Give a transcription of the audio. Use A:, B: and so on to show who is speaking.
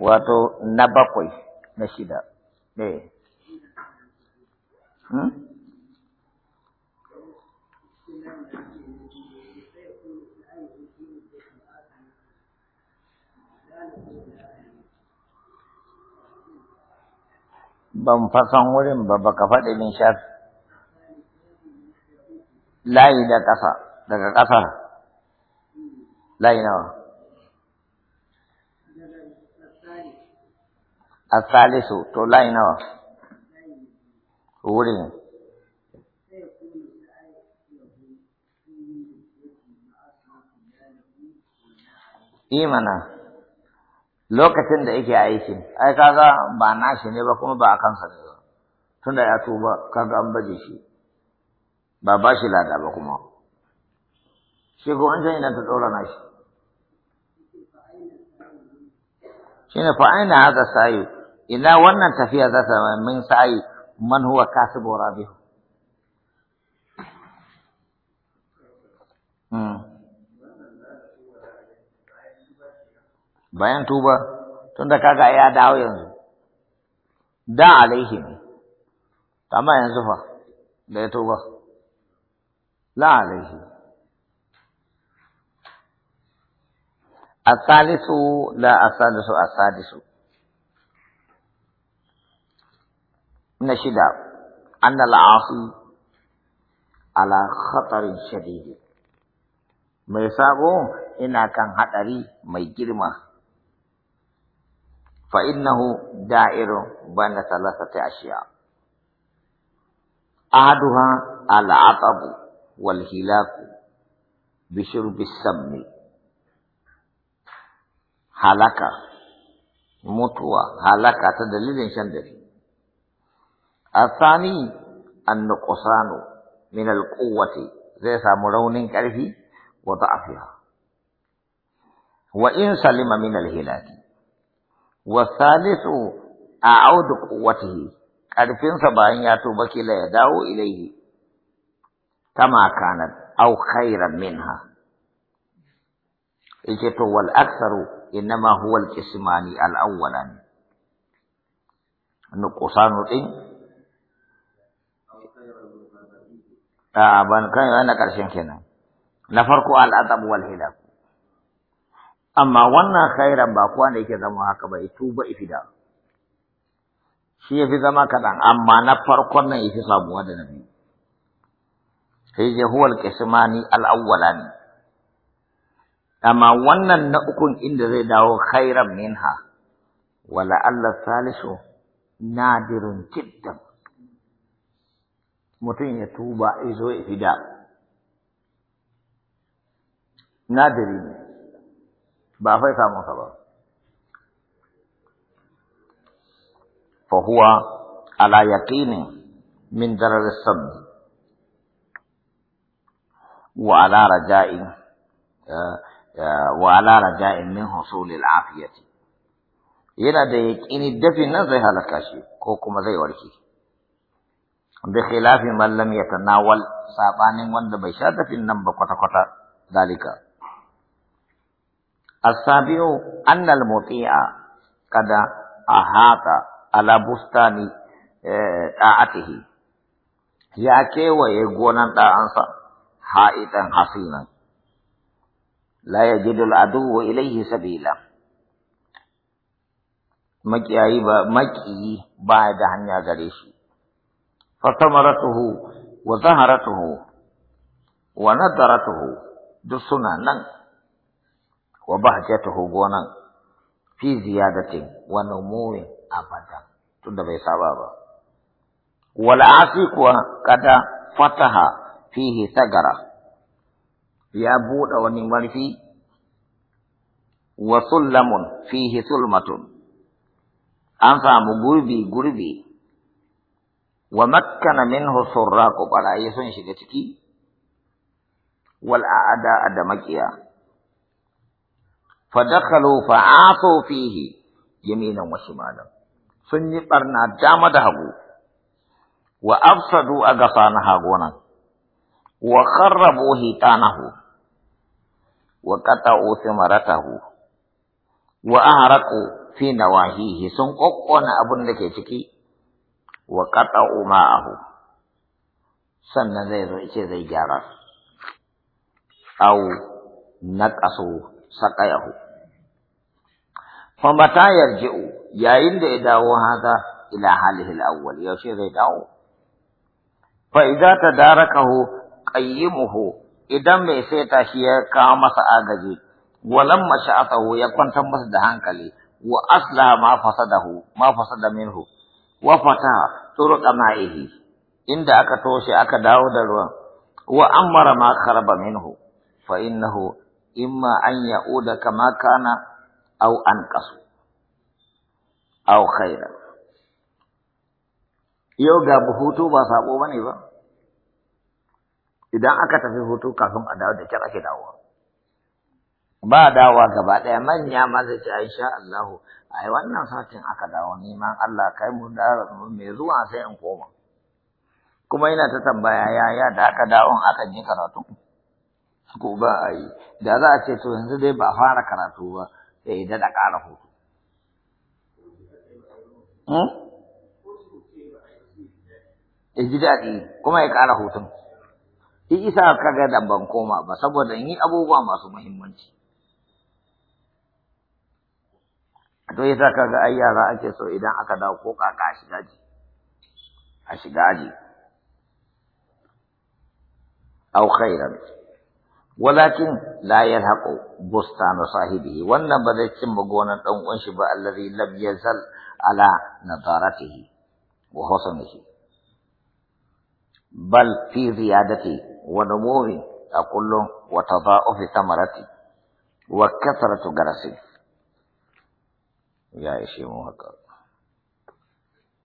A: wato na bakwai na shida ne eh. hmm? ban fasan wurin ba baka faɗi min shafi layi da ƙasa daga ƙasa layi nawa asalisu to layi nawa wurin imana lokacin da yake aikin ai kaga ba nashi ne ba kuma ba a kansa ne ba tunda ya tuba kaga an baje shi ba ba shi lada ba kuma shi ko an ina ta dora shi. shine fa aina haka sayu ina wannan tafiya za ta min sa'ayi man huwa kasibu rabihu hmm. bayan tuba da kaga ya dawo yanzu da alaihi ne amma yanzu fa da ya tuba la alaihi الثالث لا الثالث السادس na shida anna al'asi ala khatarin shadidi mai sabo ina kan hadari mai girma fa innahu da'irun bana thalathati ashiya ahaduha al'atabu wal hilaku bi shurbi halaka mutuwa halaka ta dalilin shan dare الثاني النقصان من القوة ليس مرون كره وضعفها وإن سلم من الهلاك والثالث أعود قوته كرف سبعين ياتو بكي لا يدعو إليه كما كانت أو خيرا منها الجت والأكثر إنما هو الجسماني الأولان نقصان A'a ah, ban kan na ƙarshen kenan na farko al'adab wal hilal amma wannan khairan ba kowa da yake zama haka ba ito ba ifida shi yafi zama kaɗan amma na farkon nan yafi samuwa da nabi sai je huwal qismani al'awwala ne. amma wannan na ukun inda zai dawo khairan minha wala Allah salisu nadirun jiddan mutum ya tuba izo ya fida nadiri ne ba fai samun sa ba fa huwa ala yaqinin min darar sabbi wa ala raja'in wa ala raja'in min husulil afiyati yana da yaqini dafin nan zai halaka shi ko kuma zai warke bi khilafi man lam yatanawal sabanin wanda bai sha dafin nan ba kwata kwata dalika asabiu annal muti'a kada ahata ala bustani eh, ta'atihi ya kewaye gonan ɗa'ansa ha'itan hasina. la yajidu al wa ilayhi sabila makiyayi ba makiyi ba da hanya gare shi فثمرته وظهرته ونذرته دسنا نن وبهجته غونا في زيادة ونمو أبدا تدبي سبابا والعاصي قد فتح فيه ثغرة يا بود ونمرفي وسلم فيه ثلمة أنفع مغربي غربي wa makkana minhu surraqu barayi sun shiga ciki wal aada da makiya fa aatu fihi yaminan wa shimalan sun yi barna dama da hagu wa afsadu agasana hagonan wa kharrabu hitanahu wa qata'u thamaratahu wa ahraqu fi nawahihi sun kokkona abun da ke ciki وقطعوا معه سنة زي إيشي ذي جارة أو نقصوا سقيه فمتى يرجعوا يا إند إداو هذا إلى حاله الأول يا شي ذي داو فإذا تداركه قيمه إذا ما سيتا شيء كاما سأغجي ولما شاته يكون تمس دهانكلي وأصلها ما فسده ما فسد منه وفتح turqa ma'ihi inda aka toshe aka dawo da ruwan wa amara ma kharaba minhu fa innahu imma an ya'uda kama kana aw qasu aw khaira yau ga hutu ba sabo bane ba idan aka tafi hutu kafin a dawo da kyar ake dawowa ba dawa gaba ɗaya manya ma zai ce aisha Allahu ai wannan satin aka dawo neman Allah kai mu da mai zuwa sai in koma kuma yana ta tambaya ya ya da aka dawo aka yi karatu ko ba a yi da za a ce to yanzu dai ba fara karatu ba sai da da ƙara hutu hmm? ya ji daɗi kuma ya ƙara hutun. isa kaga da ban koma ba saboda yi abubuwa masu muhimmanci. to yasa kaga ai yara ake so idan aka dawo ko kaka a shiga ji a shiga aji aw khairan walakin la yalhaqu bustanu sahibihi wannan ba zai cin ba gonan dan uwan shi ba allazi lam yazal ala nadaratihi wa husnihi bal fi ziyadati wa numuhi a kullum wa tadha'ufi thamarati wa kathratu garasi 也是一模一个。